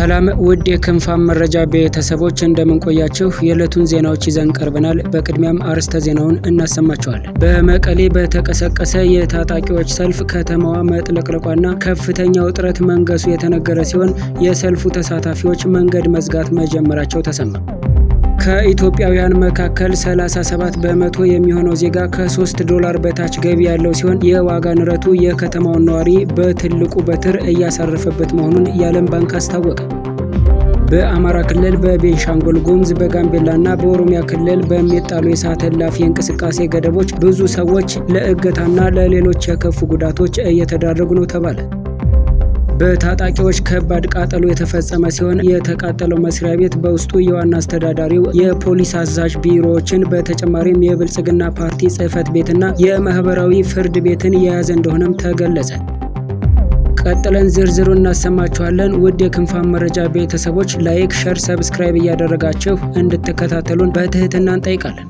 ሰላም ውድ የክንፋም መረጃ ቤተሰቦች እንደምንቆያችሁ የዕለቱን ዜናዎች ይዘን ቀርበናል። በቅድሚያም አርዕስተ ዜናውን እናሰማችኋለን። በመቀሌ በተቀሰቀሰ የታጣቂዎች ሰልፍ ከተማዋ መጥለቅለቋና ከፍተኛ ውጥረት መንገሱ የተነገረ ሲሆን የሰልፉ ተሳታፊዎች መንገድ መዝጋት መጀመራቸው ተሰማ። ከኢትዮጵያውያን መካከል 37 በመቶ የሚሆነው ዜጋ ከ3 ዶላር በታች ገቢ ያለው ሲሆን የዋጋ ንረቱ የከተማውን ነዋሪ በትልቁ በትር እያሳረፈበት መሆኑን የዓለም ባንክ አስታወቀ። በአማራ ክልል በቤንሻንጉል በጋምቤላ በጋምቤላና በኦሮሚያ ክልል በሚጣሉ የሰዓት እላፊ እንቅስቃሴ ገደቦች ብዙ ሰዎች ለእገታና ለሌሎች የከፉ ጉዳቶች እየተዳረጉ ነው ተባለ። በታጣቂዎች ከባድ ቃጠሎ የተፈጸመ ሲሆን የተቃጠለው መስሪያ ቤት በውስጡ የዋና አስተዳዳሪው፣ የፖሊስ አዛዥ ቢሮዎችን በተጨማሪም የብልጽግና ፓርቲ ጽህፈት ቤትና የማህበራዊ ፍርድ ቤትን የያዘ እንደሆነም ተገለጸ። ቀጥለን ዝርዝሩ እናሰማችኋለን። ውድ የክንፋን መረጃ ቤተሰቦች ላይክ፣ ሸር፣ ሰብስክራይብ እያደረጋችሁ እንድትከታተሉን በትህትና እንጠይቃለን።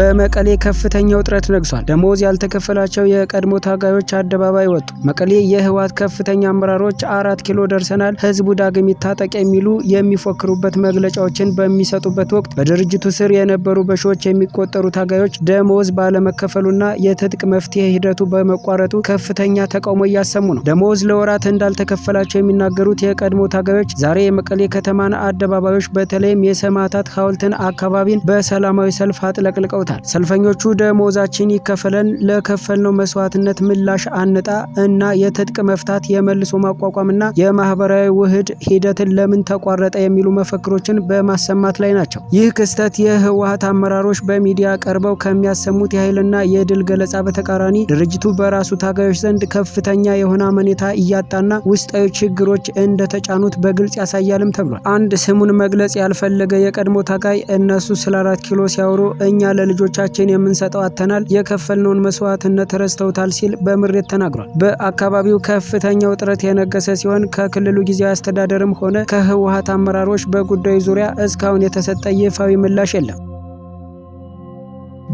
በመቀሌ ከፍተኛ ውጥረት ነግሷል። ደሞዝ ያልተከፈላቸው የቀድሞ ታጋዮች አደባባይ ወጡ። መቀሌ የህወሓት ከፍተኛ አመራሮች አራት ኪሎ ደርሰናል፣ ህዝቡ ዳግም ይታጠቅ የሚሉ የሚፎክሩበት መግለጫዎችን በሚሰጡበት ወቅት በድርጅቱ ስር የነበሩ በሺዎች የሚቆጠሩ ታጋዮች ደሞዝ ባለመከፈሉና የትጥቅ መፍትሄ ሂደቱ በመቋረጡ ከፍተኛ ተቃውሞ እያሰሙ ነው። ደሞዝ ለወራት እንዳልተከፈላቸው የሚናገሩት የቀድሞ ታጋዮች ዛሬ የመቀሌ ከተማን አደባባዮች በተለይም የሰማዕታት ሐውልትን አካባቢን በሰላማዊ ሰልፍ አጥለቅልቀው ብለውታል። ሰልፈኞቹ ደሞዛችን ይከፈለን፣ ለከፈልነው መስዋዕትነት ምላሽ አንጣ እና የትጥቅ መፍታት፣ የመልሶ ማቋቋምና የማህበራዊ ውህድ ሂደትን ለምን ተቋረጠ የሚሉ መፈክሮችን በማሰማት ላይ ናቸው። ይህ ክስተት የህወሀት አመራሮች በሚዲያ ቀርበው ከሚያሰሙት የኃይልና የድል ገለጻ በተቃራኒ ድርጅቱ በራሱ ታጋዮች ዘንድ ከፍተኛ የሆነ አመኔታ እያጣና ውስጣዊ ችግሮች እንደተጫኑት በግልጽ ያሳያልም ተብሏል። አንድ ስሙን መግለጽ ያልፈለገ የቀድሞ ታጋይ እነሱ ስለ አራት ኪሎ ሲያወሩ እኛ ለ ለልጆቻችን የምንሰጠው አተናል የከፈልነውን መስዋዕትነት ረስተውታል ሲል በምሬት ተናግሯል። በአካባቢው ከፍተኛ ውጥረት የነገሰ ሲሆን ከክልሉ ጊዜያዊ አስተዳደርም ሆነ ከህወሀት አመራሮች በጉዳዩ ዙሪያ እስካሁን የተሰጠ ይፋዊ ምላሽ የለም።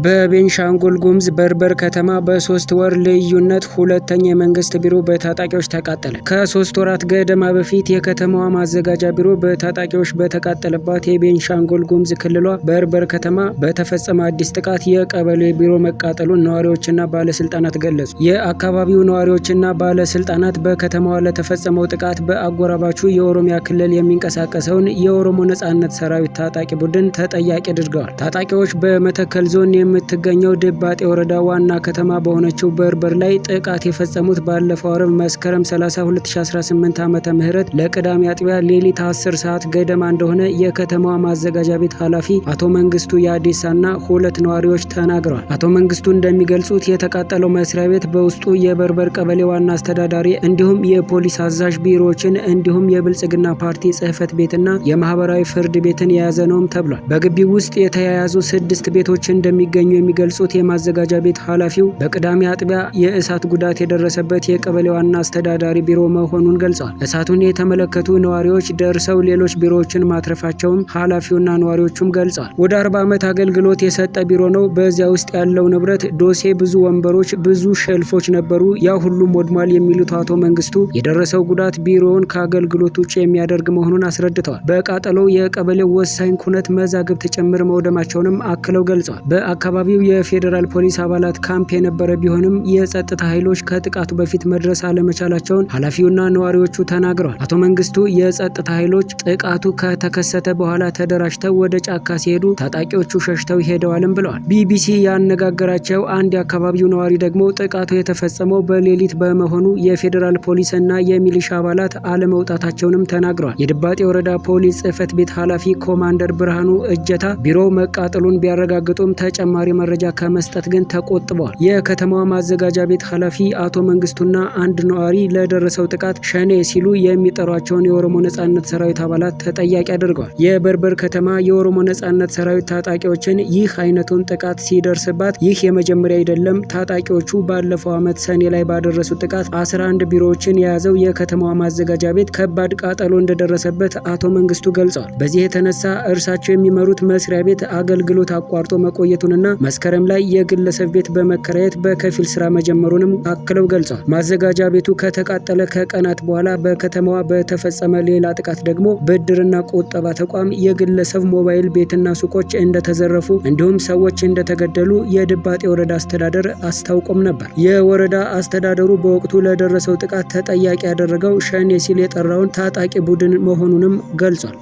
በቤንሻንጉል ጉሙዝ በርበር ከተማ በሶስት ወር ልዩነት ሁለተኛ የመንግስት ቢሮ በታጣቂዎች ተቃጠለ። ከሶስት ወራት ገደማ በፊት የከተማዋ ማዘጋጃ ቢሮ በታጣቂዎች በተቃጠለባት የቤንሻንጉል ጉሙዝ ክልሏ በርበር ከተማ በተፈጸመ አዲስ ጥቃት የቀበሌ ቢሮ መቃጠሉን ነዋሪዎችና ባለስልጣናት ገለጹ። የአካባቢው ነዋሪዎችና ባለስልጣናት በከተማዋ ለተፈጸመው ጥቃት በአጎራባቹ የኦሮሚያ ክልል የሚንቀሳቀሰውን የኦሮሞ ነጻነት ሰራዊት ታጣቂ ቡድን ተጠያቂ አድርገዋል። ታጣቂዎች በመተከል ዞን የምትገኘው ድባጤ ወረዳ ዋና ከተማ በሆነችው በርበር ላይ ጥቃት የፈጸሙት ባለፈው አርብ መስከረም 30 2018 ዓመተ ምህረት ለቅዳሜ አጥቢያ ሌሊት 10 ሰዓት ገደማ እንደሆነ የከተማዋ ማዘጋጃ ቤት ኃላፊ አቶ መንግስቱ የአዲሳና ሁለት ነዋሪዎች ተናግረዋል። አቶ መንግስቱ እንደሚገልጹት የተቃጠለው መስሪያ ቤት በውስጡ የበርበር ቀበሌ ዋና አስተዳዳሪ እንዲሁም የፖሊስ አዛዥ ቢሮዎችን እንዲሁም የብልጽግና ፓርቲ ጽህፈት ቤትና የማህበራዊ ፍርድ ቤትን የያዘ ነውም ተብሏል። በግቢው ውስጥ የተያያዙ ስድስት ቤቶች እንደሚገ እንደሚገኙ የሚገልጹት የማዘጋጃ ቤት ኃላፊው በቅዳሜ አጥቢያ የእሳት ጉዳት የደረሰበት የቀበሌ ዋና አስተዳዳሪ ቢሮ መሆኑን ገልጸዋል። እሳቱን የተመለከቱ ነዋሪዎች ደርሰው ሌሎች ቢሮዎችን ማትረፋቸውም ኃላፊውና ነዋሪዎቹም ገልጸዋል። ወደ አርባ ዓመት አገልግሎት የሰጠ ቢሮ ነው። በዚያ ውስጥ ያለው ንብረት ዶሴ፣ ብዙ ወንበሮች፣ ብዙ ሸልፎች ነበሩ። ያ ሁሉም ወድሟል የሚሉት አቶ መንግስቱ የደረሰው ጉዳት ቢሮውን ከአገልግሎት ውጭ የሚያደርግ መሆኑን አስረድተዋል። በቃጠሎው የቀበሌው ወሳኝ ኩነት መዛግብት ጭምር መውደማቸውንም አክለው ገልጸዋል። በአካባቢው የፌዴራል ፖሊስ አባላት ካምፕ የነበረ ቢሆንም የጸጥታ ኃይሎች ከጥቃቱ በፊት መድረስ አለመቻላቸውን ኃላፊውና ነዋሪዎቹ ተናግረዋል። አቶ መንግስቱ የጸጥታ ኃይሎች ጥቃቱ ከተከሰተ በኋላ ተደራጅተው ወደ ጫካ ሲሄዱ ታጣቂዎቹ ሸሽተው ሄደዋልም ብለዋል። ቢቢሲ ያነጋገራቸው አንድ የአካባቢው ነዋሪ ደግሞ ጥቃቱ የተፈጸመው በሌሊት በመሆኑ የፌዴራል ፖሊስ እና የሚሊሻ አባላት አለመውጣታቸውንም ተናግረዋል። የድባጤ ወረዳ ፖሊስ ጽህፈት ቤት ኃላፊ ኮማንደር ብርሃኑ እጀታ ቢሮው መቃጠሉን ቢያረጋግጡም ተጨማ ተጨማሪ መረጃ ከመስጠት ግን ተቆጥበዋል። የከተማዋ ማዘጋጃ ቤት ኃላፊ አቶ መንግስቱና አንድ ነዋሪ ለደረሰው ጥቃት ሸኔ ሲሉ የሚጠሯቸውን የኦሮሞ ነጻነት ሰራዊት አባላት ተጠያቂ አድርገዋል። የበርበር ከተማ የኦሮሞ ነጻነት ሰራዊት ታጣቂዎችን ይህ አይነቱን ጥቃት ሲደርስባት ይህ የመጀመሪያ አይደለም። ታጣቂዎቹ ባለፈው ዓመት ሰኔ ላይ ባደረሱት ጥቃት 11 ቢሮዎችን የያዘው የከተማዋ ማዘጋጃ ቤት ከባድ ቃጠሎ እንደደረሰበት አቶ መንግስቱ ገልጸዋል። በዚህ የተነሳ እርሳቸው የሚመሩት መስሪያ ቤት አገልግሎት አቋርጦ መቆየቱንና እና መስከረም ላይ የግለሰብ ቤት በመከራየት በከፊል ስራ መጀመሩንም አክለው ገልጿል። ማዘጋጃ ቤቱ ከተቃጠለ ከቀናት በኋላ በከተማዋ በተፈጸመ ሌላ ጥቃት ደግሞ ብድርና ቁጠባ ተቋም የግለሰብ ሞባይል ቤትና ሱቆች እንደተዘረፉ እንዲሁም ሰዎች እንደተገደሉ የድባጤ ወረዳ አስተዳደር አስታውቆም ነበር። የወረዳ አስተዳደሩ በወቅቱ ለደረሰው ጥቃት ተጠያቂ ያደረገው ሸኔ ሲል የጠራውን ታጣቂ ቡድን መሆኑንም ገልጿል።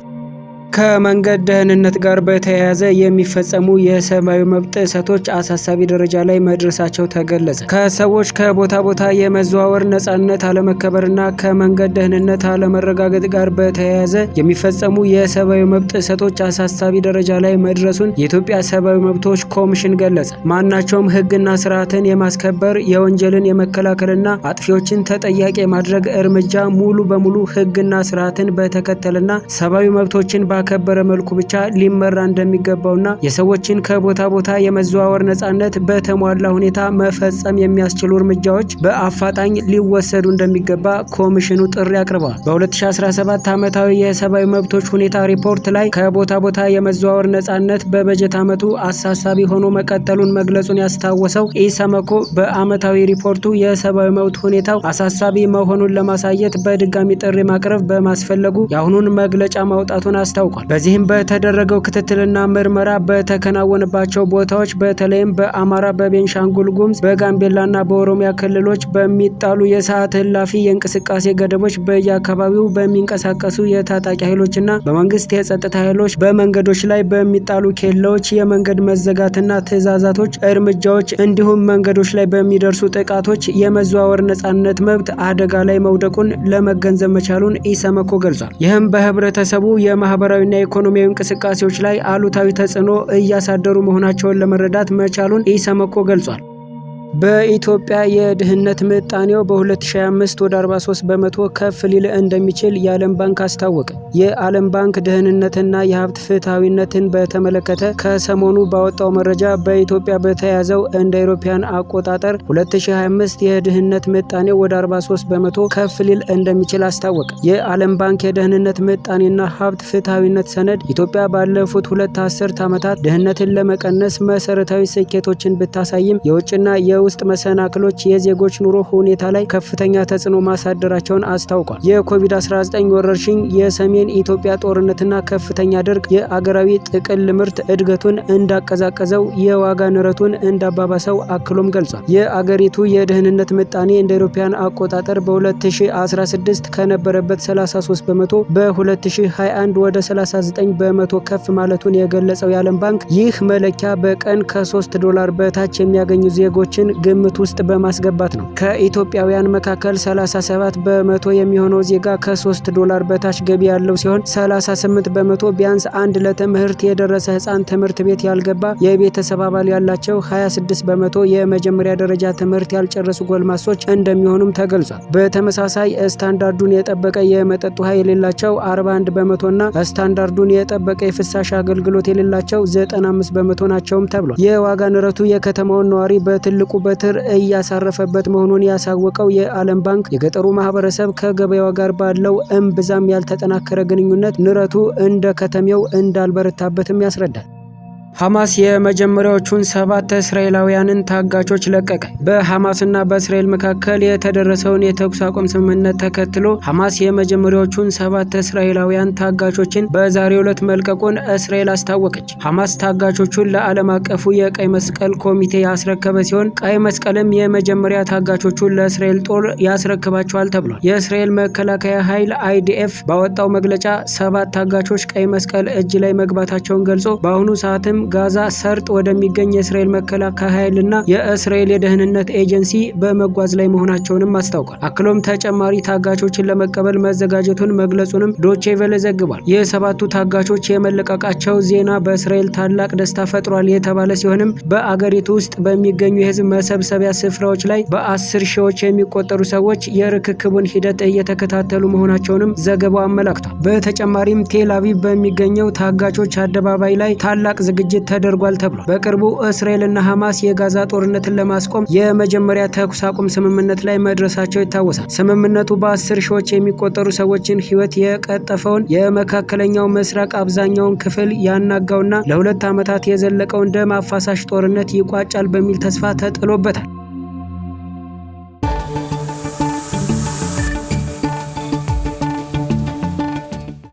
ከመንገድ ደህንነት ጋር በተያያዘ የሚፈጸሙ የሰብአዊ መብት ጥሰቶች አሳሳቢ ደረጃ ላይ መድረሳቸው ተገለጸ። ከሰዎች ከቦታ ቦታ የመዘዋወር ነጻነት አለመከበርና ከመንገድ ደህንነት አለመረጋገጥ ጋር በተያያዘ የሚፈጸሙ የሰብአዊ መብት ጥሰቶች አሳሳቢ ደረጃ ላይ መድረሱን የኢትዮጵያ ሰብአዊ መብቶች ኮሚሽን ገለጸ። ማናቸውም ህግና ስርዓትን የማስከበር የወንጀልን የመከላከልና አጥፊዎችን ተጠያቂ የማድረግ እርምጃ ሙሉ በሙሉ ህግና ስርዓትን በተከተለና ሰብአዊ መብቶችን ባከበረ መልኩ ብቻ ሊመራ እንደሚገባውና የሰዎችን ከቦታ ቦታ የመዘዋወር ነፃነት በተሟላ ሁኔታ መፈጸም የሚያስችሉ እርምጃዎች በአፋጣኝ ሊወሰዱ እንደሚገባ ኮሚሽኑ ጥሪ አቅርበዋል። በ2017 ዓመታዊ የሰብአዊ መብቶች ሁኔታ ሪፖርት ላይ ከቦታ ቦታ የመዘዋወር ነፃነት በበጀት ዓመቱ አሳሳቢ ሆኖ መቀጠሉን መግለጹን ያስታወሰው ኢሰመኮ በዓመታዊ ሪፖርቱ የሰብአዊ መብት ሁኔታው አሳሳቢ መሆኑን ለማሳየት በድጋሚ ጥሪ ማቅረብ በማስፈለጉ የአሁኑን መግለጫ ማውጣቱን አስታውቋል። ተጠቁሟል። በዚህም በተደረገው ክትትልና ምርመራ በተከናወነባቸው ቦታዎች በተለይም በአማራ፣ በቤንሻንጉል ጉምዝ፣ በጋምቤላና በኦሮሚያ ክልሎች በሚጣሉ የሰዓት እላፊ የእንቅስቃሴ ገደቦች በየአካባቢው በሚንቀሳቀሱ የታጣቂ ኃይሎችና በመንግስት የጸጥታ ኃይሎች በመንገዶች ላይ በሚጣሉ ኬላዎች፣ የመንገድ መዘጋትና ትዕዛዛቶች እርምጃዎች እንዲሁም መንገዶች ላይ በሚደርሱ ጥቃቶች የመዘዋወር ነጻነት መብት አደጋ ላይ መውደቁን ለመገንዘብ መቻሉን ኢሰመኮ ገልጿል። ይህም በህብረተሰቡ የማህበራዊ ማህበራዊና ኢኮኖሚያዊ እንቅስቃሴዎች ላይ አሉታዊ ተጽዕኖ እያሳደሩ መሆናቸውን ለመረዳት መቻሉን ኢሰመኮ ገልጿል። በኢትዮጵያ የድህነት ምጣኔው በ2025 ወደ 43 በመቶ ከፍ ሊል እንደሚችል የዓለም ባንክ አስታወቀ። የዓለም ባንክ ድህንነትና የሀብት ፍትሐዊነትን በተመለከተ ከሰሞኑ ባወጣው መረጃ በኢትዮጵያ በተያዘው እንደ አውሮፓውያን አቆጣጠር 2025 የድህነት ምጣኔው ወደ 43 በመቶ ከፍ ሊል እንደሚችል አስታወቀ። የዓለም ባንክ የደህንነት ምጣኔና ሀብት ፍትሐዊነት ሰነድ ኢትዮጵያ ባለፉት ሁለት አስርት ዓመታት ድህነትን ለመቀነስ መሰረታዊ ስኬቶችን ብታሳይም የውጭና የ ውስጥ መሰናክሎች የዜጎች ኑሮ ሁኔታ ላይ ከፍተኛ ተጽዕኖ ማሳደራቸውን አስታውቋል። የኮቪድ-19 ወረርሽኝ፣ የሰሜን ኢትዮጵያ ጦርነትና ከፍተኛ ድርቅ የአገራዊ ጥቅል ምርት እድገቱን እንዳቀዛቀዘው፣ የዋጋ ንረቱን እንዳባባሰው አክሎም ገልጿል። የአገሪቱ የደህንነት ምጣኔ እንደ ኢሮፓያን አቆጣጠር በ2016 ከነበረበት 33 በመቶ በ2021 ወደ 39 በመቶ ከፍ ማለቱን የገለጸው የዓለም ባንክ ይህ መለኪያ በቀን ከ3 ዶላር በታች የሚያገኙ ዜጎችን ግምት ውስጥ በማስገባት ነው። ከኢትዮጵያውያን መካከል 37 በመቶ የሚሆነው ዜጋ ከ3 ዶላር በታች ገቢ ያለው ሲሆን 38 በመቶ ቢያንስ አንድ ለትምህርት የደረሰ ህፃን ትምህርት ቤት ያልገባ የቤተሰብ አባል ያላቸው፣ 26 በመቶ የመጀመሪያ ደረጃ ትምህርት ያልጨረሱ ጎልማሶች እንደሚሆኑም ተገልጿል። በተመሳሳይ ስታንዳርዱን የጠበቀ የመጠጥ ውሃ የሌላቸው 41 በመቶና ስታንዳርዱን የጠበቀ የፍሳሽ አገልግሎት የሌላቸው 95 በመቶ ናቸውም ተብሏል። የዋጋ ንረቱ የከተማውን ነዋሪ በትልቁ በትር እያሳረፈበት መሆኑን ያሳወቀው የዓለም ባንክ የገጠሩ ማህበረሰብ ከገበያዋ ጋር ባለው እምብዛም ያልተጠናከረ ግንኙነት ንረቱ እንደ ከተሜው እንዳልበረታበትም ያስረዳል። ሐማስ የመጀመሪያዎቹን ሰባት እስራኤላውያንን ታጋቾች ለቀቀ። በሐማስና በእስራኤል መካከል የተደረሰውን የተኩስ አቁም ስምምነት ተከትሎ ሐማስ የመጀመሪያዎቹን ሰባት እስራኤላውያን ታጋቾችን በዛሬው ዕለት መልቀቁን እስራኤል አስታወቀች። ሐማስ ታጋቾቹን ለዓለም አቀፉ የቀይ መስቀል ኮሚቴ ያስረከበ ሲሆን ቀይ መስቀልም የመጀመሪያ ታጋቾቹን ለእስራኤል ጦር ያስረክባቸዋል ተብሏል። የእስራኤል መከላከያ ኃይል አይዲኤፍ ባወጣው መግለጫ ሰባት ታጋቾች ቀይ መስቀል እጅ ላይ መግባታቸውን ገልጾ በአሁኑ ሰዓትም ጋዛ ሰርጥ ወደሚገኝ የእስራኤል መከላከያ ኃይልና የእስራኤል የደህንነት ኤጀንሲ በመጓዝ ላይ መሆናቸውንም አስታውቋል። አክሎም ተጨማሪ ታጋቾችን ለመቀበል መዘጋጀቱን መግለጹንም ዶቼቬለ ዘግቧል። የሰባቱ ታጋቾች የመለቀቃቸው ዜና በእስራኤል ታላቅ ደስታ ፈጥሯል የተባለ ሲሆንም በአገሪቱ ውስጥ በሚገኙ የህዝብ መሰብሰቢያ ስፍራዎች ላይ በአስር ሺዎች የሚቆጠሩ ሰዎች የርክክቡን ሂደት እየተከታተሉ መሆናቸውንም ዘገባው አመላክቷል። በተጨማሪም ቴል አቪቭ በሚገኘው ታጋቾች አደባባይ ላይ ታላቅ ዝግጅት ዝግጅት ተደርጓል ተብሏል። በቅርቡ እስራኤልና ሐማስ የጋዛ ጦርነትን ለማስቆም የመጀመሪያ ተኩስ አቁም ስምምነት ላይ መድረሳቸው ይታወሳል። ስምምነቱ በአስር ሺዎች የሚቆጠሩ ሰዎችን ሕይወት የቀጠፈውን የመካከለኛው ምስራቅ አብዛኛውን ክፍል ያናጋውና ለሁለት ዓመታት የዘለቀውን ደም አፋሳሽ ጦርነት ይቋጫል በሚል ተስፋ ተጥሎበታል።